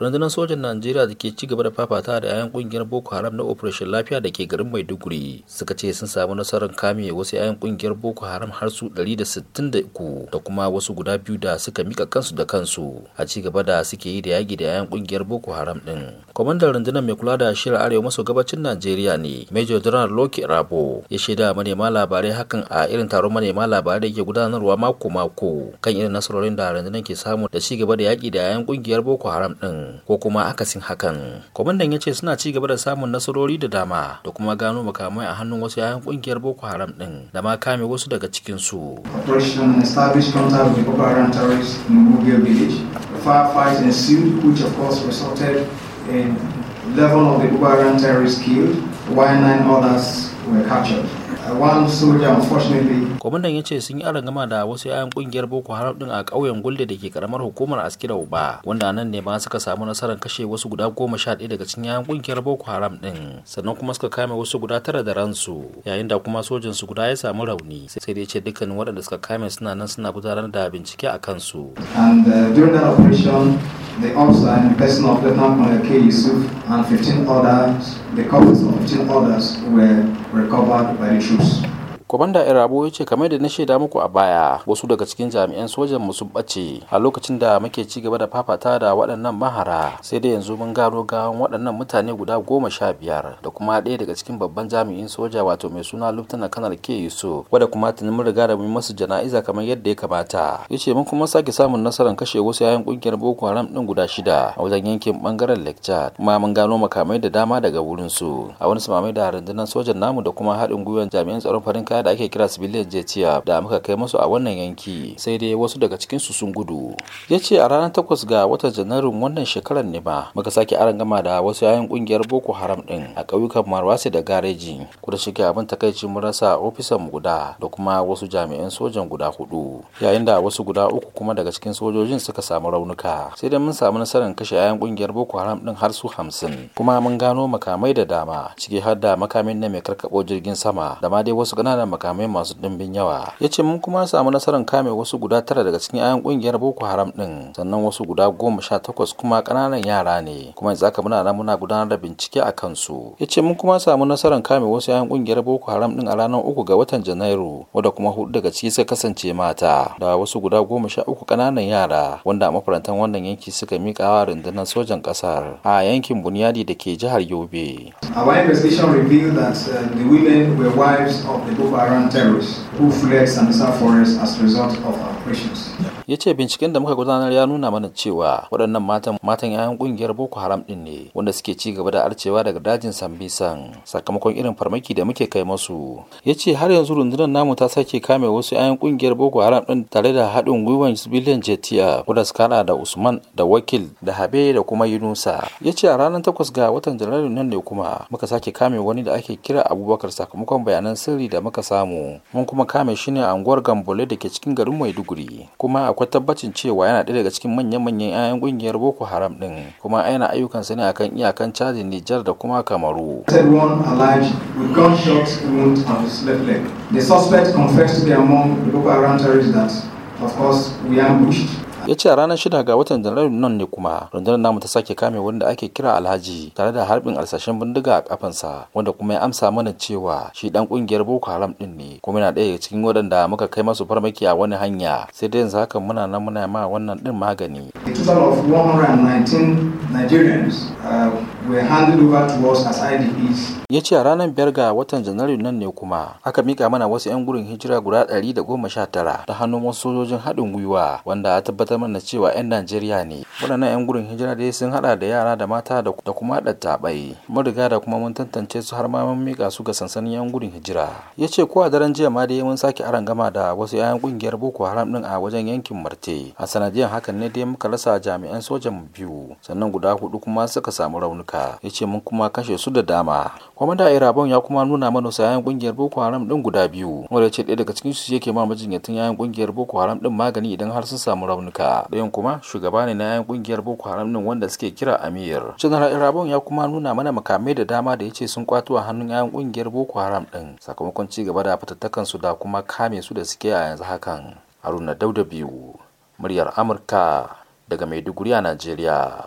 rundunar sojan najeriya da ke ci gaba da fafata da 'ya'yan kungiyar boko haram na operation lafiya da ke garin maiduguri suka ce sun samu nasarar kame wasu 'ya'yan kungiyar boko haram har su 163 da sittin da Da uku. kuma wasu guda biyu da suka mika kansu da kansu a ci gaba da suke yi da yaki da 'ya'yan kungiyar boko haram din kwamandan rundunar mai kula da shirin arewa maso gabacin najeriya ne major general loki rabo ya shaida manema labarai hakan a irin taron manema labarai da ke gudanarwa mako-mako kan irin nasarorin da rundunar ke samu da ci gaba da yaki da 'ya'yan kungiyar boko haram din ko kuma akasin hakan kwamandan ya ce suna ci gaba da samun nasarori da dama da kuma gano makamai a hannun wasu yayan kungiyar boko haram din da ma kame wasu daga cikin su Firefight which of course resulted in of the Boko Haram terrorists killed, while nine others were uh, Kwamandan ya ce sun yi arangama da wasu 'ya'yan ƙungiyar Boko Haram ɗin a ƙauyen Gulde da ke karamar hukumar Askira Uba, wanda nan ne ma suka samu nasarar kashe wasu guda goma sha ɗaya daga cikin 'ya'yan kungiyar Boko Haram din, sannan kuma suka kame wasu guda tara da ransu, yayin da kuma sojin su guda ya samu rauni. Sai dai ce dukkanin waɗanda suka kame suna nan suna gudanar da bincike a kansu. And uh, during that operation, the officer and person of Lieutenant Colonel K. Yusuf and 15 others, the of 15 others were recovered by the troops. Kwamanda Irabo ya ce kamar da na shaida muku a baya wasu daga cikin jami'an sojan mu sun bace. a lokacin da muke ci gaba da fafata da waɗannan mahara sai dai yanzu mun gano gawan waɗannan mutane guda goma sha biyar da kuma ɗaya daga cikin babban jami'in soja wato mai suna Luftana Kanar ke yi Yusuf wadda kuma tuni mun riga da mun masu jana'iza kamar yadda ya kamata. Ya ce mun kuma sake samun nasarar kashe wasu yayan kungiyar Boko Haram ɗin guda shida a wajen yankin bangaren Lekchad kuma mun gano makamai da dama daga wurinsu a wani samamai da rundunar sojan namu da kuma haɗin gwiwar jami'an tsaron farin kaya da ake kira civilian jetiya da muka kai musu a wannan yanki sai dai wasu daga cikin su sun gudu ya ce a ranar takwas ga watan janairun wannan shekarar ne ba muka sake aron gama da wasu yayan kungiyar boko haram din a ƙauyukan marwasi da gareji kuda shiga abin takaici mun rasa ofisan guda da kuma wasu jami'an sojan guda hudu yayin da wasu guda uku kuma daga cikin sojojin suka samu raunuka sai dai mun samu nasarar kashe yayan kungiyar boko haram din har su hamsin kuma mun gano makamai da dama ciki har da makamin na mai karkabo jirgin sama da ma dai wasu ƙananan makamai masu dimbin yawa ya ce mun kuma samu nasarar kame wasu guda tara daga cikin 'ya'yan ƙungiyar boko haram ɗin sannan wasu guda goma sha takwas kuma ƙananan yara ne kuma yanzu aka muna muna gudanar da bincike a kansu ya ce mun kuma samu nasarar kame wasu 'ya'yan ƙungiyar boko haram ɗin a ranar uku ga watan janairu wadda kuma hudu daga ciki suka kasance mata da wasu guda goma sha uku kananan yara wanda a mafarantan wannan yanki suka wa rundunar sojan ƙasar a yankin bunyadi da ke jihar yobe. Our investigation revealed that uh, the women were wives of the Boko around terrorists who fled Sambisa forest as a result of our operations. ya ce binciken da muka gudanar ya nuna mana cewa waɗannan matan matan 'ya'yan ƙungiyar boko haram ɗin ne wanda suke ci gaba da arcewa daga dajin sambisan sakamakon irin farmaki da muke kai masu ya ce har yanzu rundunar namu ta sake kame wasu 'ya'yan ƙungiyar boko haram ɗin tare da haɗin gwiwan civilian jetiya wanda suka haɗa da usman da wakil da habe da kuma yunusa ya ce a ranar takwas ga watan janairu nan ne kuma muka sake kame wani da ake kira abubakar sakamakon bayanan sirri da muka samu mun kuma kame shi ne a unguwar gambole da ke cikin garin maiduguri kuma akwai tabbacin cewa yana ɗaya daga cikin manya-manyan 'ya'yan ƙungiyar boko haram ɗin kuma yana ayyukansa ne akan iyakan cajin nijar da kuma kamaru The suspect confessed to be among the Boko Haram terrorists that, of course, we ambushed ya ce a ranar shida ga watan janairu nan ne kuma rundunar namu ta sake kame wanda ake kira alhaji tare da harbin alsashen bindiga a kafansa wanda kuma ya amsa mana cewa shi dan kungiyar boko haram din ne kuma yana daya cikin waɗanda muka kai masu farmaki a wani hanya sai dai yanzu haka muna nan muna ma wannan din magani. A total 119 Nigerians uh, were handed over to us as IDPs. Ya ce a ranar biyar ga watan Janairu nan ne kuma aka mika mana wasu 'yan gurin hijira guda 119 ta hannun wasu sojojin haɗin gwiwa wanda a tabbatar mana cewa 'yan Najeriya ne. Waɗannan 'yan gurin hijira dai sun hada da yara da mata da kuma ɗattaɓai. Mun riga da kuma mun tantance su har ma mun mika su ga sansanin 'yan gurin hijira. Ya ce ko a daren jiya ma dai mun sake aran gama da wasu 'ya'yan ƙungiyar Boko Haram ɗin a wajen yankin Marte. A sanadiyar hakan ne dai muka rasa jami'an sojan biyu sannan guda hudu kuma suka samu raunuka. yace ya ce mun kuma kashe su da dama kwamanda irabon ya kuma nuna mana yayan kungiyar boko haram din guda biyu wanda ya ce ɗaya daga cikin su yake ma majinyatan yayan kungiyar boko haram din magani idan har sun samu raunuka ɗayan kuma shugaba ne na yayan kungiyar boko haram din wanda suke kira amir general irabon ya kuma nuna mana makamai da dama da ya ce sun kwato a hannun yayan kungiyar boko haram din sakamakon ci gaba da fitattakan su da kuma kame su da suke a yanzu hakan haruna dauda biyu muryar amurka daga maiduguri a najeriya